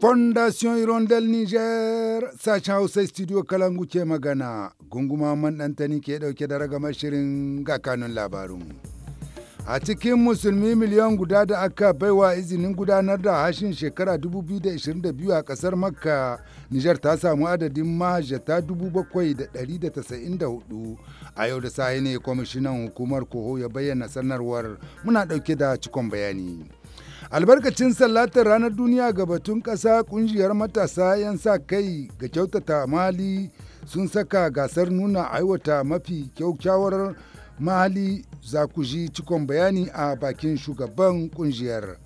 Fondation Irondel Niger sashen Hausa Studio Kalangu ke magana gunguma man ke ɗauke da ragamar shirin ga kanun labarun. A cikin musulmi miliyan guda da aka baiwa izinin gudanar da hashin shekara 2022 a kasar Makka, Nijar ta samu adadin mahajjata 7,194 a yau da sahi ne kwamishinan hukumar Koho ya bayyana sanarwar muna ɗauke da cikon bayani. albarkacin sallatar ranar duniya ga batun ƙasa ƙungiyar matasa 'yan sa kai ga kyautata mali sun saka gasar nuna aiwata mafi kyaukyawar mali za cikon bayani a bakin shugaban ƙungiyar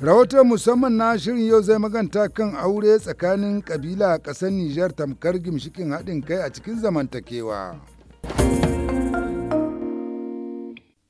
rahoton musamman na shirin yau zai maganta kan aure tsakanin ƙabila ƙasar nijar tamkar gimshikin haɗin kai a cikin zamantakewa.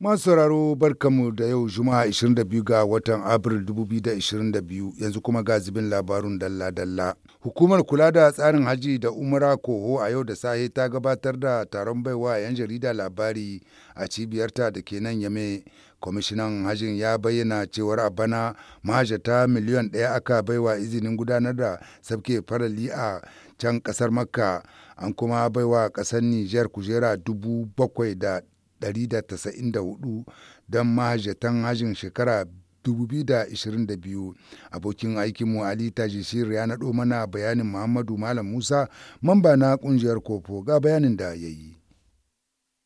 Masu sauraro barkamu da yau Juma'a 22 ga watan Abril 2022 yanzu kuma ga zubin labarun dalla-dalla. Hukumar kula da tsarin haji da umara koho a yau da sahe ta gabatar da taron baiwa 'yan jarida labari a cibiyarta da ke nan yame. Kwamishinan hajin ya bayyana cewar a bana mahajata miliyan ɗaya aka baiwa izinin gudanar da sabke farali a can kasar Makka. an kuma baiwa kasar Nijar kujera dubu bakwai da 1994 don mahajjatan hajjin shekara 2022 abokin aikinmu ali tajisir ya naɗo mana bayanin muhammadu malam musa mamba na ƙungiyar kofo ga bayanin da ya yi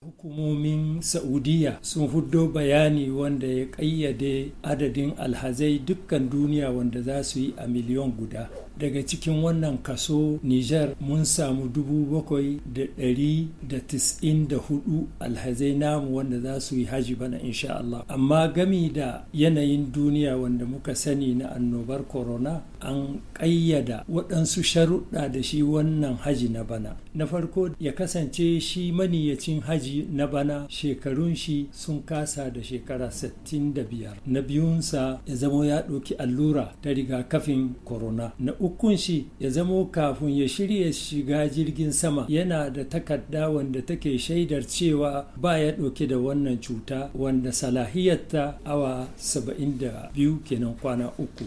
hukumomin saudiya sun fuddo bayani wanda ya kayyade adadin alhazai dukkan duniya wanda za su yi a miliyon guda daga cikin wannan kaso niger mun samu dubu bakwai da ɗari da tis'in da hudu alhazai namu wanda za su yi haji bana insha'Allah. amma gami da yanayin duniya wanda muka sani na annobar corona an ƙayyada waɗansu sharuɗa da shi wannan haji na bana na farko ya kasance shi maniyyacin haji na bana shekarun shi sun kasa da shekara 65 na biyunsa ya zamo ya ɗauki allura ta rigakafin corona na ukun shi ya zamo kafin ya shirya shiga jirgin sama yana da takarda wanda take shaidar cewa ba ya ɗauke da wannan cuta wanda salahiyarta awa 72 kenan kwana uku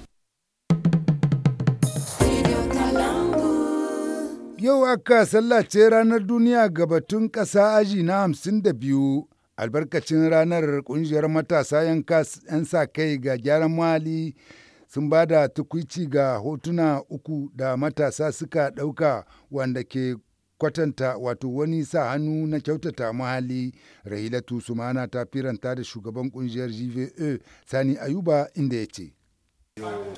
Yau aka sallace ranar duniya ga batun ƙasa aji na hamsin da biyu, albarkacin ranar ƙungiyar matasa ‘yan sa kai ga gyaran muhalli sun ba da tukwici ga hotuna uku da matasa suka ɗauka wanda ke kwatanta wato wani sa hannu na kyautata muhalli rahilatu sumana ta firanta da shugaban ƙungiyar gva sani ayuba inda ya ce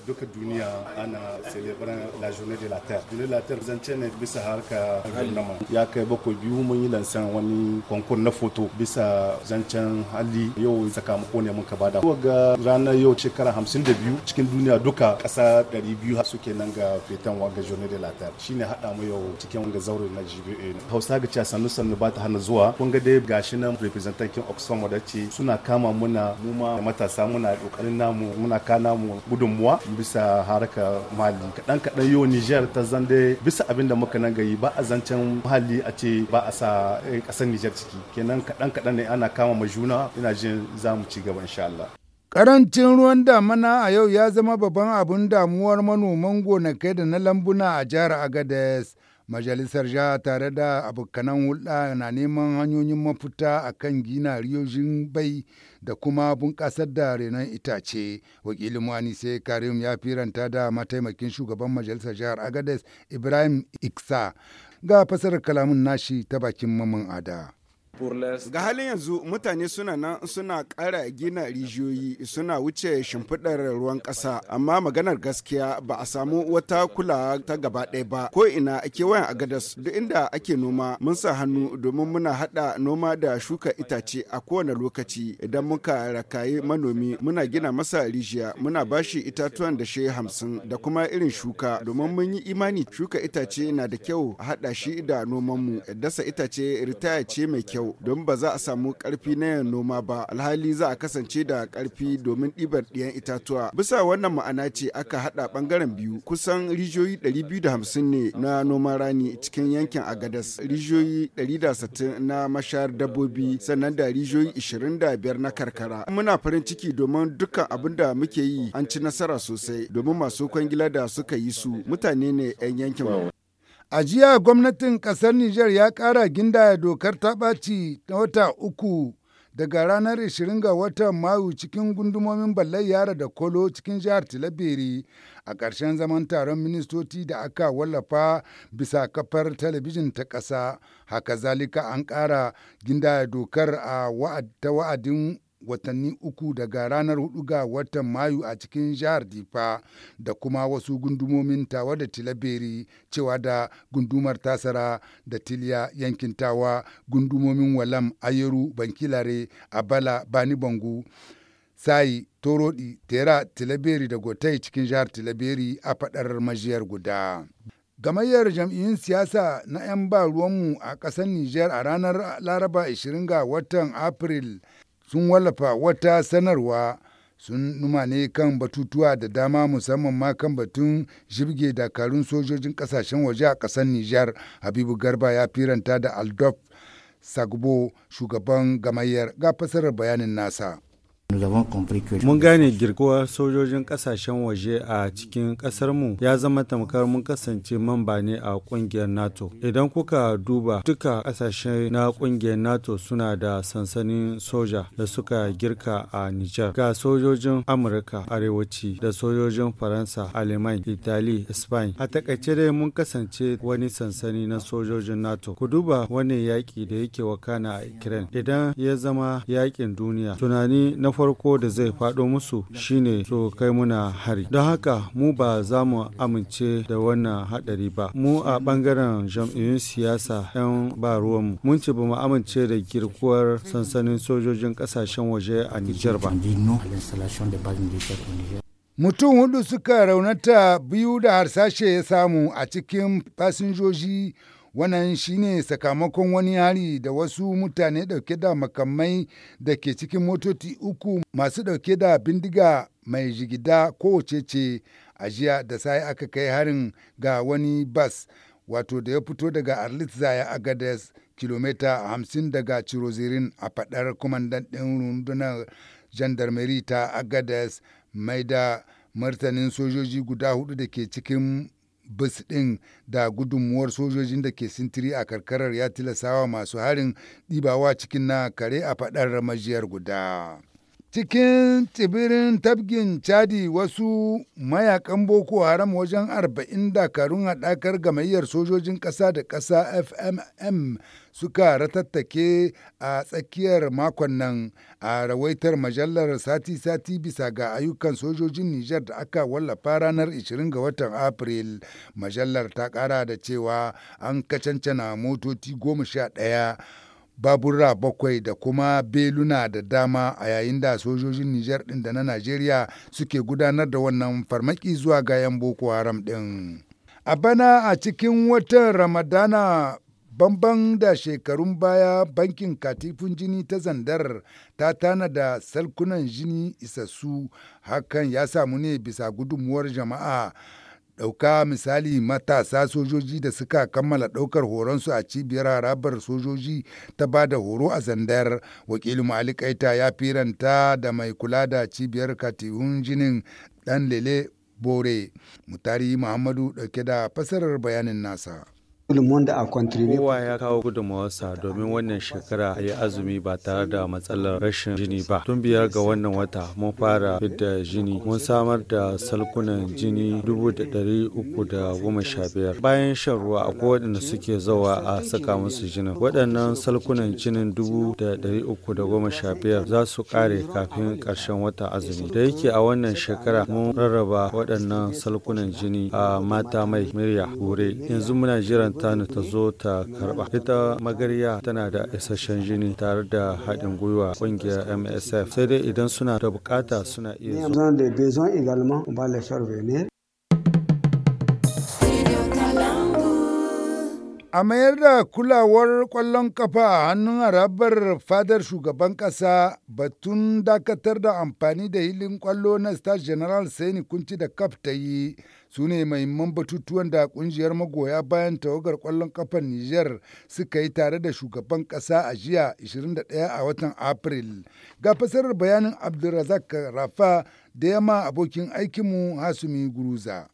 duka duniya ana celebrant la journée de la terre de la terre zance ne bisa harka gannama ya kai bako biyu mun yi lansan wani konkon na foto bisa zancen hali yau sakamako ne muka bada ga ranar yau shekara hamsin biyu cikin duniya duka kasa 200 biyu suke nan ga fetan waga journée de la terre shine haɗa mu yau cikin wanga zauri na GBA e. hausa ga cewa sannu sannu ba ta hana zuwa kun ga dai gashi nan representative oxfam da ce suna kama muna mu ma matasa muna kokarin namu muna kana mu gudun gudunmuwa bisa haraka mali kaɗan kaɗan yau niger ta zande bisa abin da muka nan gayi ba a zancen muhalli a ce ba a sa eh, ƙasar Nijar ciki kenan kaɗan kaɗan ne ana kama ma juna ina jin za mu ci gaba insha Allah. Karancin ruwan damana a yau ya zama babban abun damuwar manoman gonakai da na lambuna a jihar Agadez. Majalisar jiha tare da abokanan hulɗa na neman hanyoyin mafuta a kan gina riyojin bai da kuma bunƙasar da renon itace. Wakilin Wani sai Karim ya firanta da mataimakin shugaban Majalisar jihar Agades Ibrahim Iksa ga fasarar kalamin nashi ta bakin Maman Ada. ga halin yanzu mutane suna nan suna ƙara gina rijiyoyi suna wuce shimfiɗar ruwan ƙasa amma maganar gaskiya ba a samu wata kulawa ta gaba ɗaya ba ko ina a kewayen agadas duk inda ake noma mun sa hannu domin muna haɗa noma da shuka itace a kowane lokaci idan muka rakayi manomi muna gina masa rijiya muna bashi itatuwan da shi hamsin da kuma irin shuka domin mun yi imani shuka itace na da kyau a haɗa shi da noman mu dasa itace ritaya ce mai kyau don ba za a samu karfi na yin noma ba alhali za a kasance da karfi domin ɗibar ɗiyan itatuwa bisa wannan ma'ana ce aka haɗa ɓangaren biyu kusan rijiyoyi 250 ne na noman rani cikin yankin agadas rijiyoyi 160 na mashayar dabbobi sannan da rijiyoyi 25 na karkara muna farin ciki domin dukkan abin da muke yi an ci nasara sosai domin masu kwangila da suka yi su mutane ne 'yan yankin A jiya gwamnatin ƙasar Nijar ya ƙara gindaya dokar ta ɓaci na wata uku daga ranar 20 ga watan Mayu cikin gundumomin Ballai Yara da Kolo cikin jihar tilabiri a ƙarshen zaman taron ministoci da aka wallafa bisa kafar talabijin ta ƙasa. Haka zalika an ƙara gindaya dokar a ta wa'adin watanni uku daga ranar hudu ga watan Mayu a cikin jihar Difa da kuma wasu gundumomin Tawa da Tilaberi cewa da gundumar Tasara da Tiliya yankin Tawa gundumomin Walam Ayeru Bankilare Abala Bani Bangu. Sai Torodi Tera Tilaberi da Gotai cikin jihar Tilaberi a faɗar majiyar guda. Gamayyar jam'iyyun siyasa na 'yan ba ruwanmu a ƙasar Nijar a ranar Laraba 20 ga watan Afril sun wallafa wata sanarwa sun numane kan batutuwa da dama musamman ma kan batun shirge dakarun sojojin kasashen waje a ƙasar Nijar Habibu Garba ya firanta da aldof Sagbo shugaban gamayyar ga fasarar bayanin nasa. Mun gane girkuwar sojojin kasashen waje a cikin mu ya zama tamkar mun kasance mamba ne a ƙungiyar NATO. Idan kuka duba duka ƙasashe na ƙungiyar NATO suna da sansanin soja da suka girka a Nijar. Ga sojojin Amurka arewaci da sojojin Faransa, Alemany, Itali, Spain. A takaice dai mun kasance wani sansani na sojojin NATO. Ku duba wani yaƙi da yake wakana a Ukraine. Idan ya zama yaƙin duniya, tunani na farko da zai faɗo musu shine su kai muna hari don haka mu ba za mu amince da wannan haɗari ba mu a ɓangaren jam'iyyun siyasa 'yan ba mu mun ce ba mu amince da girkuwar sansanin sojojin ƙasashen waje a Nijar ba. Mutum hudu suka raunata biyu da harsashe ya samu a cikin fasinjoji Wannan shine sakamakon wani yari da wasu mutane dauke da makamai da ke cikin motoci uku masu dauke da bindiga mai jigida kowace ce a jiya da sai aka kai harin ga wani bas wato da ya fito daga Arlit Zaya Agades kilomita 50 daga Cirozirin a faɗar kwamandan ɗin rundunar gendarmerie ta Agades mai da martanin sojoji guda hudu da ke cikin bus ɗin da gudunmuwar sojojin da ke sintiri a karkarar ya tilasawa masu harin ɗibawa cikin na kare a faɗar majiyar guda. Cikin tsibirin tabgin Chadi wasu mayakan Boko Haram wajen arba'in dakarun haɗakar gamayyar sojojin ƙasa da ƙasa FMM suka ratattake a tsakiyar makon nan a rawaitar majalar sati-sati bisa ga ayyukan sojojin Nijar da aka wallafa ranar 20 ga watan Afril. Majalar ta ƙara da cewa an kacancana motoci goma sha ɗaya. babura bakwai da kuma beluna da dama a yayin da sojojin Nijar ɗin da na Najeriya suke gudanar da wannan farmaki zuwa ga 'yan Boko Haram ɗin. A bana a cikin watan Ramadana bamban da shekarun baya bankin katifin jini ta zandar ta tanada salkunan jini isassu hakan ya samu ne bisa gudunmuwar jama'a. Ɗauka misali matasa sojoji da suka kammala ɗaukar horonsu a cibiyar harabar sojoji ta ba da horo a zandar. Wakilin ma'alikaita ya firanta da mai kula da cibiyar katihun jinin ɗan lele bore. Mutari Muhammadu ɗauke da fasarar bayanin nasa. Kowa ya kawo gudunmawarsa domin wannan shekara a yi azumi ba tare da matsalar rashin jini ba. Tun biyar ga wannan wata mun fara fidda jini mun samar da salkunan jini biyar. Bayan shan ruwa akwai waɗanda suke zawa a saka musu jinin. Waɗannan salkunan jinin biyar za su ƙare kafin ƙarshen wata azumi. Da yake a wannan shekara mun rarraba waɗannan salkunan jini a mata mai murya bure. Yanzu muna jiran tani ta zo ta karba ita magarya tana da isasshen jini tare da haɗin gwiwa ƙungiyar msf sai dai idan suna da bukata suna iya zuwa A mayar da kulawar ƙwallon kafa a hannun harabar fadar shugaban ƙasa batun dakatar da amfani da hilin ƙwallo na Star General Saini Kunci da kaf ta yi su ne mahimman batutuwan da ƙungiyar magoya bayan tawagar kwallon kafan Nijar suka yi tare da shugaban ƙasa a jiya 21 a watan April. Ga fasarar bayanin Abdulrazak Rafa da yamma abokin aikinmu Hasumi Guruza.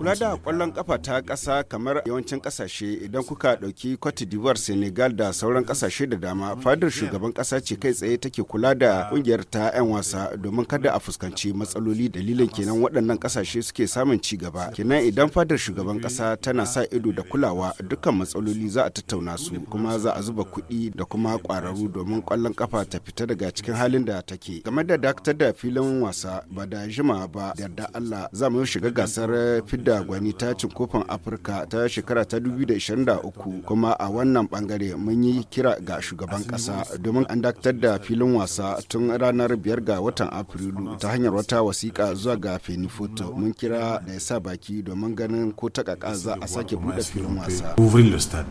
Kula da kwallon kafa ta kasa kamar yawancin kasashe idan kuka dauki Cote d'Ivoire, Senegal da sauran kasashe da dama, fadar shugaban kasa ce kai tsaye take kula da kungiyar ta 'yan wasa domin kada a fuskanci matsaloli dalilin kenan waɗannan kasashe suke samun ci gaba. Kenan idan fadar shugaban kasa tana sa ido da kulawa dukkan matsaloli za a tattauna su kuma za a zuba kuɗi da kuma ƙwararru domin kwallon kafa ta fita daga cikin halin da take. Game da dakatar da filin wasa ba da jima ba da Allah za mu shiga gasar fidda gwani ta cin kofin Afirka ta shekara ta 2023 kuma a wannan bangare mun yi kira ga shugaban kasa domin an dakatar da filin wasa tun ranar biyar ga watan Afrilu ta hanyar wata wasiƙa zuwa ga Fenifoto mun kira da ya sa baki domin ganin ko ta za a sake buɗe filin wasa.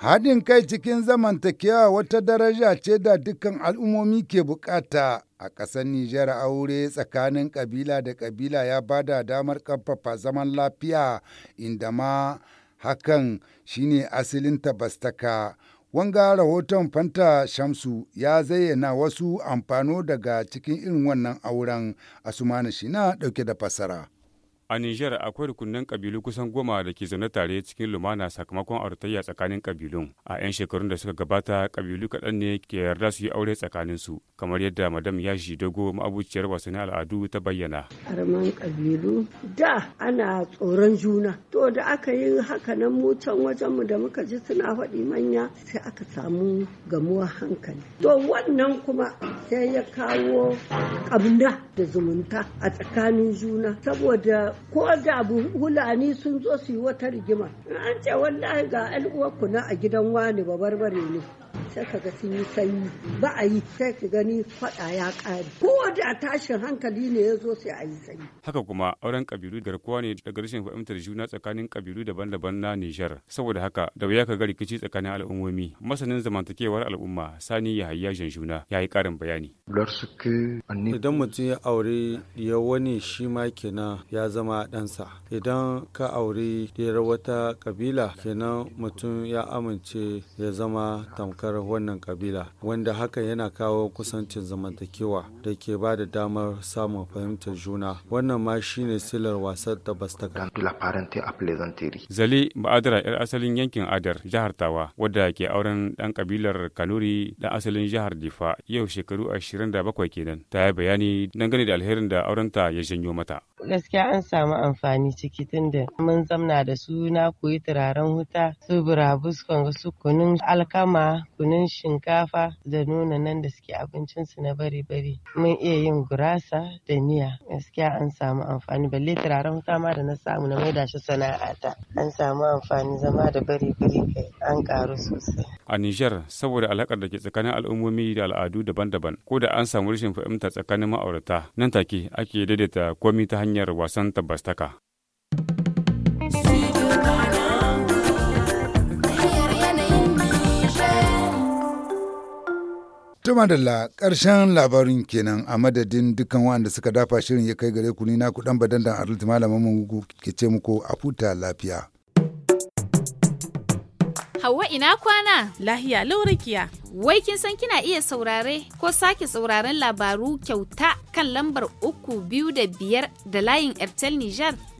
Haɗin kai cikin zamantakewa wata daraja ce da dukkan al'ummomi ke bukata a ƙasar Nijar aure tsakanin ƙabila da ƙabila ya bada damar ƙarfafa zaman lafiya inda ma hakan shine asilin tabastaka. Wanga rahoton Fanta Shamsu ya zayyana wasu amfano daga cikin irin wannan auren a shi Shina ɗauke da fassara. A Nijar akwai rukunin kabilu kusan goma da ke zaune tare cikin lumana sakamakon auratayya tsakanin kabilun. A 'yan shekarun da suka gabata kabilu kaɗan ne ke yarda su yi aure tsakanin su, kamar yadda Madam Yashi Dogo ma'abuciyar wasannin al'adu ta bayyana. Harman kabilu da ana tsoron juna. To da aka yi haka nan mu can wajen mu da muka ji suna faɗi manya sai aka samu gamuwa hankali. To wannan kuma sai ya kawo ƙabna da zumunta a tsakanin juna saboda ko da abu hulani sun zo su yi wata rigima an ce wallahi ga al'uwarku na a gidan wani babarbare ne sai ka ga sun yi sanyi ba a yi sai ka gani faɗa ya ƙare ko da tashin hankali ne ya zo sai a yi sanyi. haka kuma auren kabilu garkuwa ne daga rashin fahimtar juna tsakanin kabilu daban-daban na nijar saboda haka da wuya ka ga rikici tsakanin al'ummomi masanin zamantakewar al'umma sani ya jan juna ya yi ƙarin bayani. idan mutum ya aure ya wani shi ma kenan ya zama ɗansa idan ka aure ya wata kabila kenan mutum ya amince ya zama tamkar wannan kabila wanda hakan yana kawo kusancin zamantakewa da ke ba da damar samun fahimtar juna wannan ma shine silar wasan da bastaka zale ba'adara yar asalin yankin adar jihar tawa wadda ke auren dan kabilar kanuri dan asalin jihar difa yau shekaru 27 kenan ta yi bayani dangane da alherin da aurenta ya janyo mata gaskiya an samu amfani ciki tunda mun zamna da su na koyi turaren wuta su burabuskon su kunun alkama kunun shinkafa da nuna nan da suke abincin su na bari bari mun iya yin gurasa da miya gaskiya an samu amfani balle turaren wuta ma da na samu na maida shi ta. an samu amfani zama da bari bari kai an karu sosai a Nijar saboda alakar da ke tsakanin al'ummomi da al'adu daban-daban ko da an samu rashin fahimta tsakanin ma'aurata nan take ake daidaita komai ta hanyar hanyar wasan tabbastaka. Tuma da ƙarshen labarin kenan a madadin dukkan waɗanda suka dafa shirin ya kai gare ku ni na kuɗan badan da arliti malamin mu ke ce muku a futa lafiya. Hauwa ina kwana? Lahiya laurakiya. Wai kin san kina iya saurare ko sake sauraren labaru kyauta kan lambar uku biyu da biyar da layin Airtel Niger?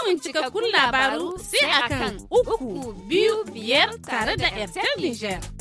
samun cikakkun labaru sai akan uku biyu biyar tare da Airtel Niger.